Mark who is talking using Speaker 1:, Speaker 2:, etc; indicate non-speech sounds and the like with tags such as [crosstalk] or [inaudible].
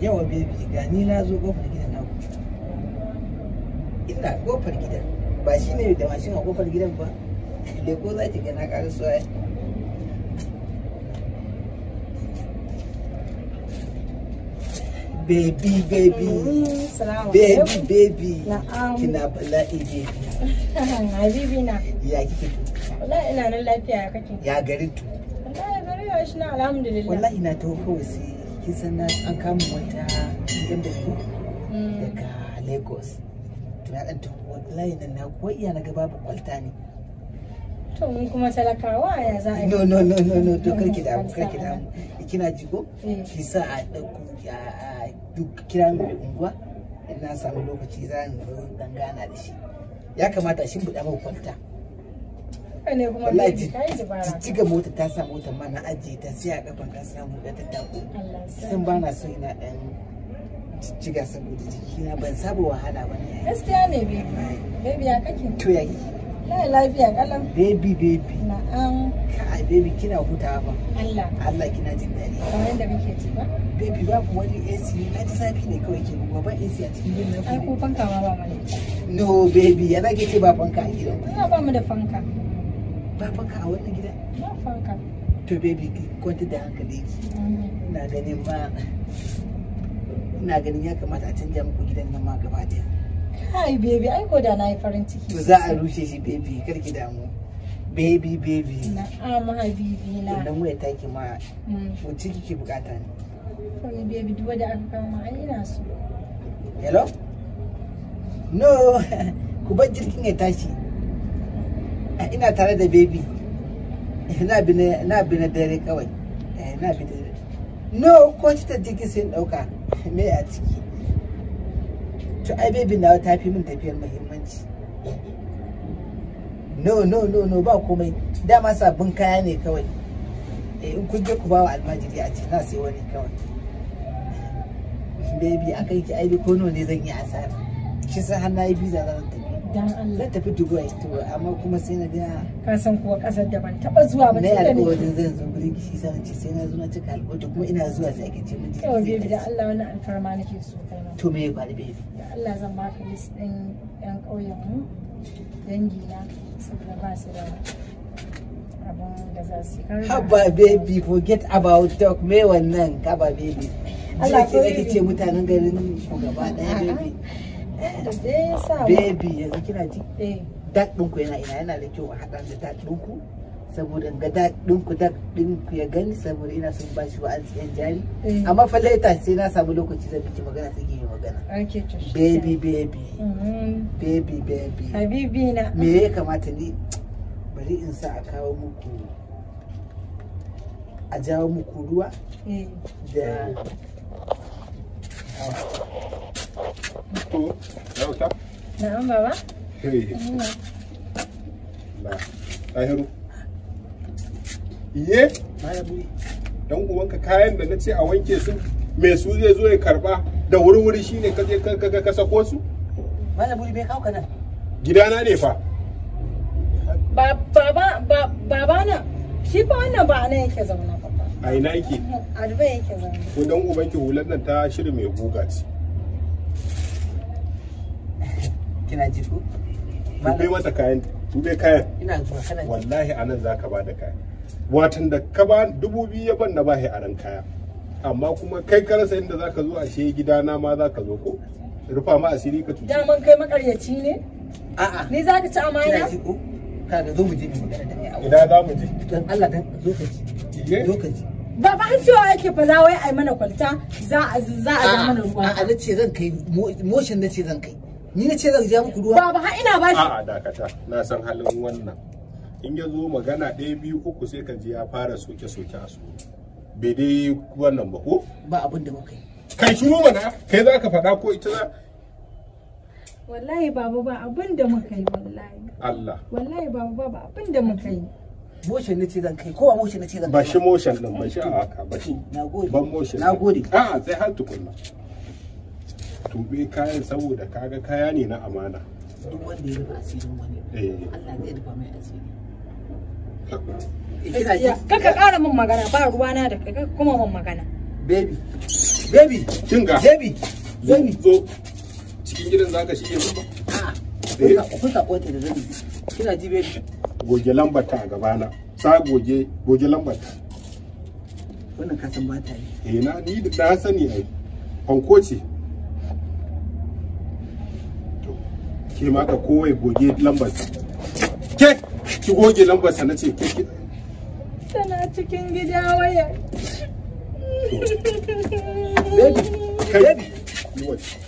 Speaker 1: yawa bebi ga ni na zo gofar gidan naku ina gofar gidan ba shi ne da mashin a gofar gidan ba da ko za ki gana ƙarar su ya baby baby baby baby kina bala'i baby na [laughs] bibi na ya kike to. wallahi ina nan lafiya kake ya garin to. wallahi gari ya shi na alhamdulillah wallahi na to kawai sai kin san an kama wata gidan baki mm. daga lagos Tuna na dan ta wallahi nan na koyiya na ga babu kwalta ne to mun kuma talakawa ya za a no no no no no to karki da mu karki da mu kina jigo eh. ki sa a dauko a duk kira mu da unguwa in na samu lokaci za mu dan da shi ya kamata shi buɗa mu kwalta haka ne kuma ta yi mota ta sa mota ma na ajiye ta sai a kafan ta samu da ta tako sun ba na so ina dan jijjiga saboda jikina ban saba wahala ba ne gaskiya ne baby baby ya kake to ya kike Lai lafiya kalam. Baby baby. Na'am. Kai baby kina hutawa ba. Allah. Allah kina jin daɗi. Kamar yadda muke ji ba. Baby babu wani AC ne na ji zafi ne kawai ke buga ba AC a cikin gidan. Ai ko fanka ma ba mana. No baby yana ke ce ba fanka a gidan. Ina ba mu da fanka. ba fanka a wannan gidan ba to baby kwanta da hankali ki ina ganin ma ina ganin ya kamata a canja muku gidan nan ma gaba daya kai baby ai ko da na yi farin ciki to za a rushe shi baby karki damu baby baby na'am habibi na dan waya take ma mm. wacce kike bukata ne sorry baby duk wanda aka kawo ma ai ina so hello no [laughs] ku bar jirgin ya tashi Eh, ina tare da baby ina eh, bi na bi na dare kawai ina eh, bi dare no ko ta jiki sun dauka [laughs] me a ciki to ai baby na ta fi min tafiyar muhimmanci no no no no ba komai dama sabbin kaya ne kawai in kun je ku ba wa almajiri a ce na sai wani kawai baby akai ki aibi ko ne zan yi asara kisa sai har na yi biza zan tafi dan Allah zan tafi Dubai to amma kuma sai na ga ka san kuwa kasar da ban taba zuwa ba tunda ne alƙawarin zan zo gurin ki sai na ce sai na zo na cika alƙawarin kuma ina zuwa sai ake ce min to baby da Allah wannan alfarma nake so kai ma to me ya faru baby da Allah zan baka list din yan ƙauyen mu dangi na saboda ba su da Haba baby forget about talk me wannan kaba baby. Allah ko ke ce mutanen garin ku gaba daya baby. Eh, baby yanzu kina ji eh. daɗin ku yana ina yana da kyau a haɗa da daɗin ku saboda ga daɗin ku daɗin ku ya gani saboda ina son ba shi wa'azi yan jari eh. amma fa laita sai na samu lokaci zan miki magana sai yi magana mm-hmm. baby baby baby baby habibi na me ya kamata ni bari in sa a kawo muku a jawo muku ruwa da To, na wuta?
Speaker 2: Iye? uwanka kayan da na ce a wanke su mai su zai zo ya karba da wuri-wuri shine ka je ka sako su?
Speaker 1: bai kawo
Speaker 2: Gidana ne fa.
Speaker 1: Baba na shi fa wannan ba nan yake zauna ba. A ina yake? yake
Speaker 2: Ko dan ubanki hular nan ta shirin mai guga ce. kina ji ko tube mata kayan tube kayan ina zuwa kana wallahi anan zaka ba da kayan watan da ka ba dubu biyu ya ban na ba a ran kaya amma kuma kai ka rasa inda zaka zo ashe gidana ma zaka zo ko rufa ma asiri ka tuci
Speaker 1: daman kai makaryaci ne a'a ni zaka ci amana kaga zo mu je mu magana da kai ina za mu je dan Allah dan zo ka ji zo ba ba an cewa yake fa za wai ai mana kwalta za a za a ga mana ruwa a ce zan kai motion na ce zan kai ni na ce zan je muku ruwa baba har ina bashi a'a
Speaker 2: dakata na san halin wannan in ya zo magana ɗaya biyu uku sai ka ji ya fara soke soke a su bai dai wannan ba ko ba abin da muka yi kai shiru mana kai za ka faɗa ko ita za
Speaker 1: wallahi baba ba abin da muka yi wallahi Allah wallahi baba ba abin da muka yi
Speaker 2: motion ce zan kai kowa motion ce zan kai ba shi motion din ba shi a haka ba shi ban motion nagode a'a sai har tukunna tuɓe kayan saboda kaga kaya ne na amana eh.
Speaker 1: Allah kaka ƙara min magana ba ruwana da kuma min magana
Speaker 2: baby kinga baby zo cikin gidan zaka a'a ah, eh. kun ka goge lambar ta a gabana sa goge goge lambar ta wannan yi eh, fanko ce ke ma ka kowai goge lambar ke ki goge lambar sa nace ke ki
Speaker 1: tana cikin gida waya
Speaker 2: baby kai baby